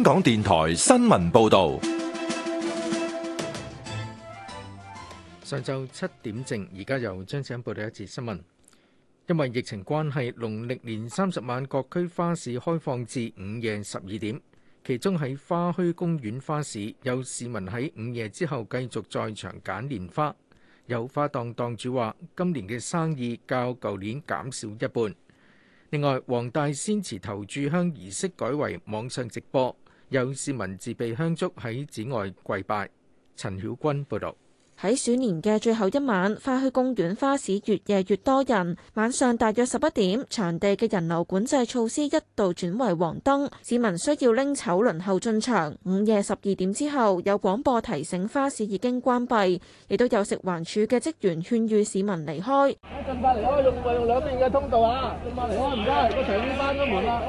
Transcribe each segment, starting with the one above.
香港電台新聞報道。上晝七點正，而家由張生報道一次新聞。因為疫情關係，農曆年三十晚各區花市開放至午夜十二點。其中喺花墟公園花市，有市民喺午夜之後繼續在場揀年花。有花檔檔主話，今年嘅生意較舊年減少一半。另外，黃大仙祠頭炷香儀式改為網上直播。有市民自備香燭喺寺外跪拜。陳曉君報道。喺鼠年嘅最後一晚，花墟公園花市越夜越多人。晚上大約十一點，場地嘅人流管制措施一度轉為黃燈，市民需要拎籌輪候進場。午夜十二點之後，有廣播提醒花市已經關閉，亦都有食環署嘅職員勸喻市民離開。進翻嚟開用兩邊嘅通道啊！進翻嚟啦，唔該，個長衣翻咗門啦。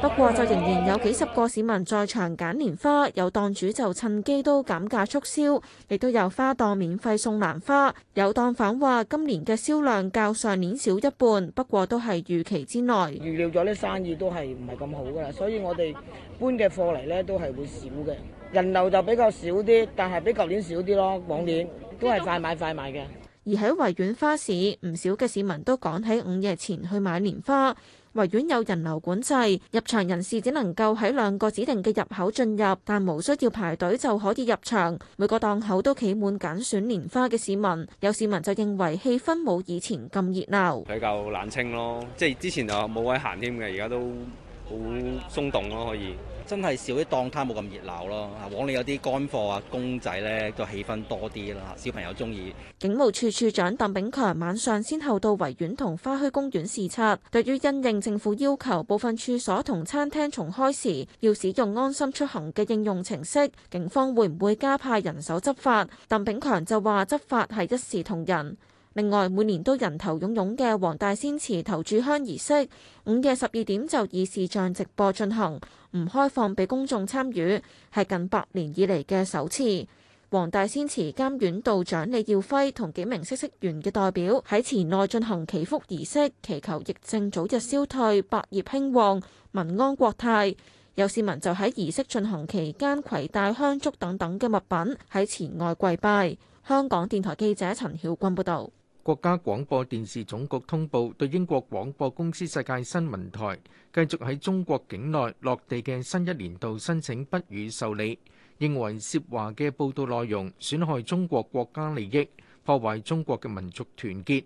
不過，就仍然有幾十個市民在場揀年花，有檔主就趁機都減價促銷，亦都有花檔。免費送蘭花，有檔販話今年嘅銷量較上年少一半，不過都係預期之內。預料咗呢生意都係唔係咁好噶啦，所以我哋搬嘅貨嚟呢都係會少嘅，人流就比較少啲，但係比舊年少啲咯。往年都係快買快賣嘅。而喺維園花市，唔少嘅市民都趕喺午夜前去買年花。維園有人流管制，入場人士只能夠喺兩個指定嘅入口進入，但無需要排隊就可以入場。每個檔口都企滿揀選年花嘅市民，有市民就認為氣氛冇以前咁熱鬧，比較冷清咯。即係之前就冇位行添嘅，而家都好鬆動咯，可以。真係少啲檔攤，冇咁熱鬧咯，往嚟有啲乾貨啊、公仔咧，個氣氛多啲啦，小朋友中意。警務處處長鄧炳強晚上先後到維園同花墟公園視察，對於因應政府要求，部分處所同餐廳重開時要使用安心出行嘅應用程式，警方會唔會加派人手執法？鄧炳強就話執法係一視同仁。另外，每年都人頭湧湧嘅黃大仙祠頭炷香儀式，午夜十二點就以視像直播進行，唔開放俾公眾參與，係近百年以嚟嘅首次。黃大仙祠監院道長李耀輝同幾名嗇色園嘅代表喺祠內進行祈福儀式，祈求疫症早日消退、百業興旺、民安國泰。有市民就喺儀式進行期間攜帶香燭等等嘅物品喺祠外跪拜。香港電台記者陳曉君報導。國家廣播電視總局通報，對英國廣播公司世界新聞台繼續喺中國境內落地嘅新一年度申請不予受理，認為涉華嘅報道內容損害中國國家利益，破壞中國嘅民族團結。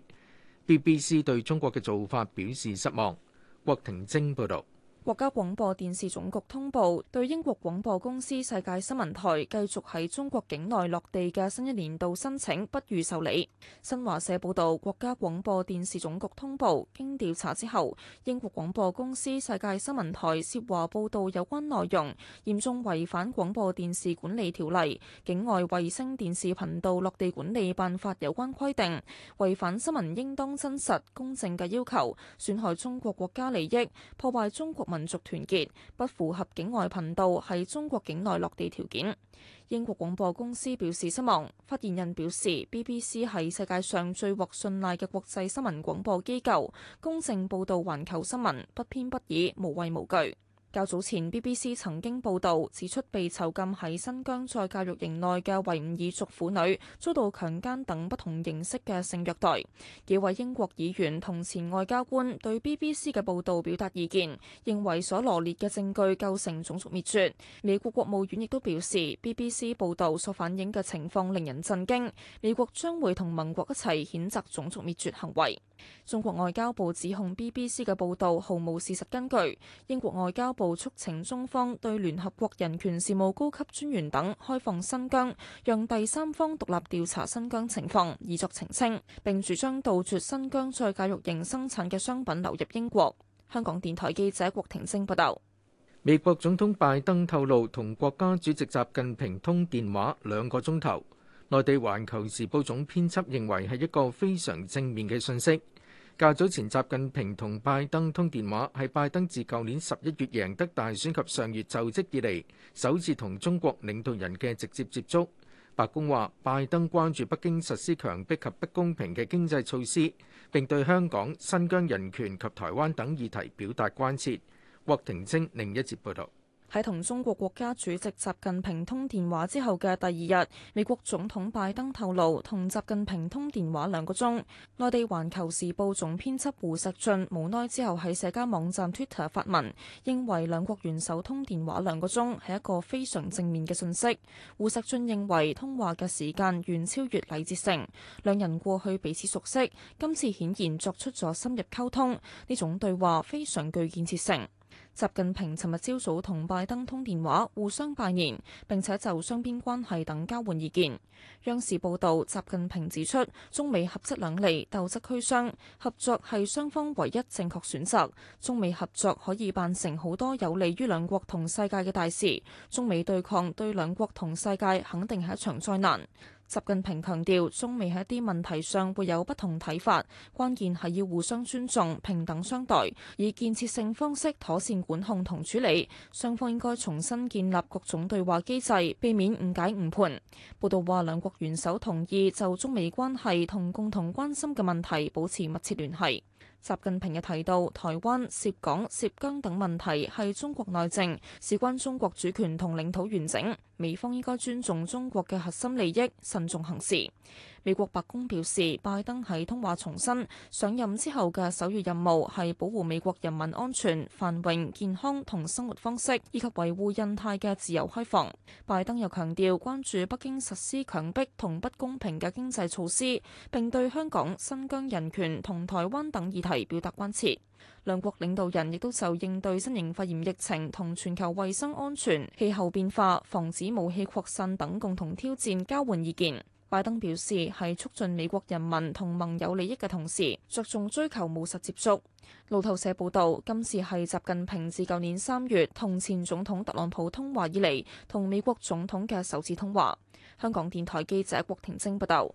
BBC 對中國嘅做法表示失望。郭婷晶報道。國家廣播電視總局通報，對英國廣播公司世界新聞台繼續喺中國境內落地嘅新一年度申請不予受理。新華社報道，國家廣播電視總局通報，經調查之後，英國廣播公司世界新聞台涉華報道有關內容嚴重違反廣播電視管理條例、境外衛星電視頻道落地管理辦法有關規定，違反新聞應當真實、公正嘅要求，損害中國國家利益，破壞中國民族團結，不符合境外頻道喺中國境內落地條件。英國廣播公司表示失望。發言人表示，BBC 係世界上最獲信賴嘅國際新聞廣播機構，公正報道環球新聞，不偏不倚，無畏無懼。較早前 BBC 曾經報道指出，被囚禁喺新疆再教育營內嘅維吾爾族婦女遭到強奸等不同形式嘅性虐待。幾位英國議員同前外交官對 BBC 嘅報道表達意見，認為所羅列嘅證據構成種族滅絕。美國國務院亦都表示，BBC 報道所反映嘅情況令人震驚，美國將會同盟國一齊譴責種族滅絕行為。中國外交部指控 BBC 嘅報導毫無事實根據。英國外交部促請中方對聯合國人權事務高級專員等開放新疆，讓第三方獨立調查新疆情況，以作澄清。並主張杜絕新疆再教育營生產嘅商品流入英國。香港電台記者郭庭晶報道，美國總統拜登透露同國家主席習近平通電話兩個鐘頭。內地《環球時報》總編輯認為係一個非常正面嘅信息。較早前習近平同拜登通電話，係拜登自舊年十一月贏得大選及上月就職以嚟，首次同中國領導人嘅直接接觸。白宮話，拜登關注北京實施強迫及不公平嘅經濟措施，並對香港、新疆人權及台灣等議題表達關切。郭婷晶另一節報道。喺同中國國家主席習近平通電話之後嘅第二日，美國總統拜登透露同習近平通電話兩個鐘。內地《環球時報》總編輯胡錫進無奈之後喺社交網站 Twitter 發文，認為兩國元首通電話兩個鐘係一個非常正面嘅信息。胡錫進認為通話嘅時間遠超越禮節性，兩人過去彼此熟悉，今次顯然作出咗深入溝通，呢種對話非常具建設性。習近平尋日朝早同拜登通電話，互相拜年，並且就雙邊關係等交換意見。央視報道，習近平指出，中美合則兩利，鬥則俱傷，合作係雙方唯一正確選擇。中美合作可以辦成好多有利於兩國同世界嘅大事。中美對抗對兩國同世界肯定係一場災難。習近平強調，中美喺一啲問題上會有不同睇法，關鍵係要互相尊重、平等相待，以建設性方式妥善管控同處理。雙方應該重新建立各種對話機制，避免誤解誤判。報道話，兩國元首同意就中美關係同共同關心嘅問題保持密切聯繫。習近平又提到，台灣涉港涉疆等問題係中國內政，事關中國主權同領土完整，美方應該尊重中國嘅核心利益，慎重行事。美國白宮表示，拜登喺通話重申上任之後嘅首要任務係保護美國人民安全、繁榮、健康同生活方式，以及維護印太嘅自由開放。拜登又強調關注北京實施強迫同不公平嘅經濟措施，並對香港、新疆人權同台灣等議題表達關切。兩國領導人亦都就應對新型肺炎疫情同全球衛生安全、氣候變化、防止武器擴散等共同挑戰交換意見。拜登表示，係促進美國人民同盟友利益嘅同時着重追求務實接觸。路透社報道，今次係習近平自舊年三月同前總統特朗普通話以嚟，同美國總統嘅首次通話。香港電台記者郭婷晶報道。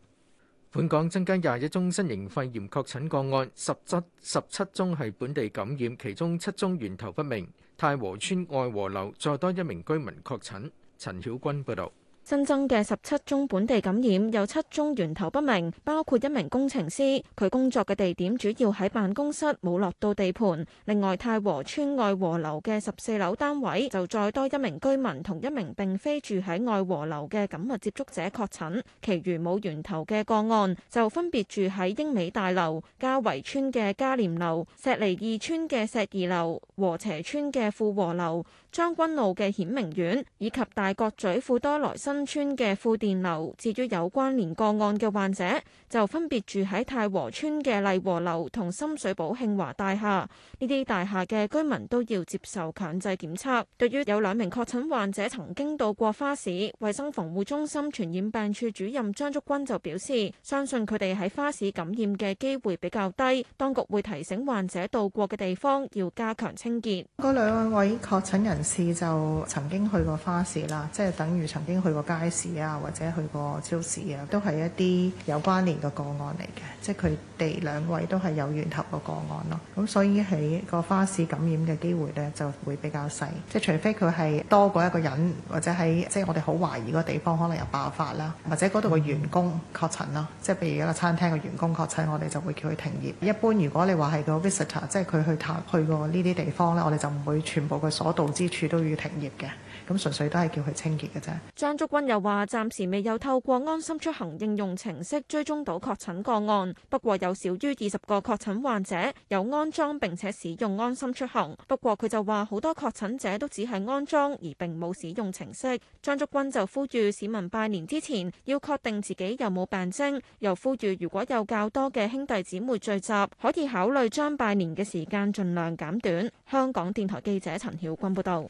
本港增加廿一宗新型肺炎確診個案，十七十七宗係本地感染，其中七宗源頭不明。太和邨愛和樓再多一名居民確診。陳曉君報道。新增嘅十七宗本地感染有七宗源頭不明，包括一名工程師，佢工作嘅地點主要喺辦公室，冇落到地盤。另外，太和邨愛和樓嘅十四樓單位就再多一名居民同一名並非住喺愛和樓嘅緊密接觸者確診，其餘冇源頭嘅個案就分別住喺英美大樓、加圍邨嘅嘉廉樓、石梨二邨嘅石二樓、禾輋邨嘅富和樓、將軍澳嘅顯明苑以及大角咀富多來新村嘅富電樓，至於有關連個案嘅患者，就分別住喺太和邨嘅麗和樓同深水埗慶華大廈。呢啲大廈嘅居民都要接受強制檢測。對於有兩名確診患者曾經到過花市，衛生防護中心傳染病處主任張竹君就表示，相信佢哋喺花市感染嘅機會比較低。當局會提醒患者到過嘅地方要加強清潔。嗰兩位確診人士就曾經去過花市啦，即係等於曾經去過街市啊，或者去個超市啊，都係一啲有關聯嘅個案嚟嘅，即係佢哋兩位都係有源頭嘅個案咯。咁所以喺個花市感染嘅機會呢，就會比較細，即係除非佢係多過一個人，或者喺即係我哋好懷疑個地方可能有爆發啦，或者嗰度嘅員工確診啦，即係譬如一個餐廳嘅員工確診，我哋就會叫佢停業。一般如果你話係個 visitor，即係佢去探去過呢啲地方呢，我哋就唔會全部佢所到之處都要停業嘅，咁純粹都係叫佢清潔嘅啫。君又話暫時未有透過安心出行應用程式追蹤到確診個案，不過有少於二十個確診患者有安裝並且使用安心出行。不過佢就話好多確診者都只係安裝而並冇使用程式。張竹君就呼籲市民拜年之前要確定自己有冇病徵，又呼籲如果有較多嘅兄弟姊妹聚集，可以考慮將拜年嘅時間盡量減短。香港電台記者陳曉君報道。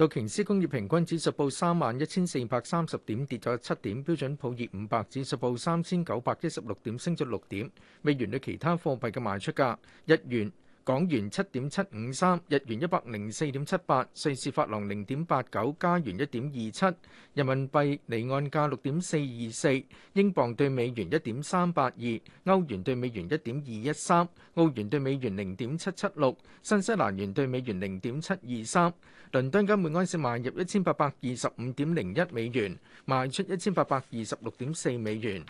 道瓊斯工業平均指數報三萬一千四百三十點，跌咗七點；標準普爾五百指數報三千九百一十六點，升咗六點。美元對其他貨幣嘅賣出價，日元。港元七點七五三，日元一百零四點七八，瑞士法郎零點八九，加元一點二七，人民幣離岸價六點四二四，英鎊對美元一點三八二，歐元對美元一點二一三，澳元對美元零點七七六，新西蘭元對美元零點七二三。倫敦金每盎司賣入一千八百二十五點零一美元，賣出一千八百二十六點四美元。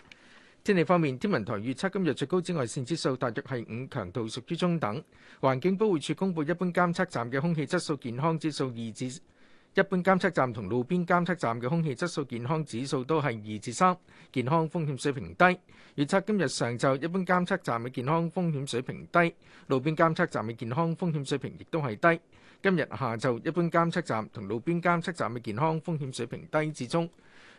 天氣方面，天文台預測今日最高紫外線指數大約係五，強度屬於中等。環境保護署公布一般監測站嘅空氣質素健康指數二至，一般監測站同路邊監測站嘅空氣質素健康指數都係二至三，健康風險水平低。預測今日上晝一般監測站嘅健康風險水平低，路邊監測站嘅健康風險水平亦都係低。今日下晝一般監測站同路邊監測站嘅健康風險水平低至中。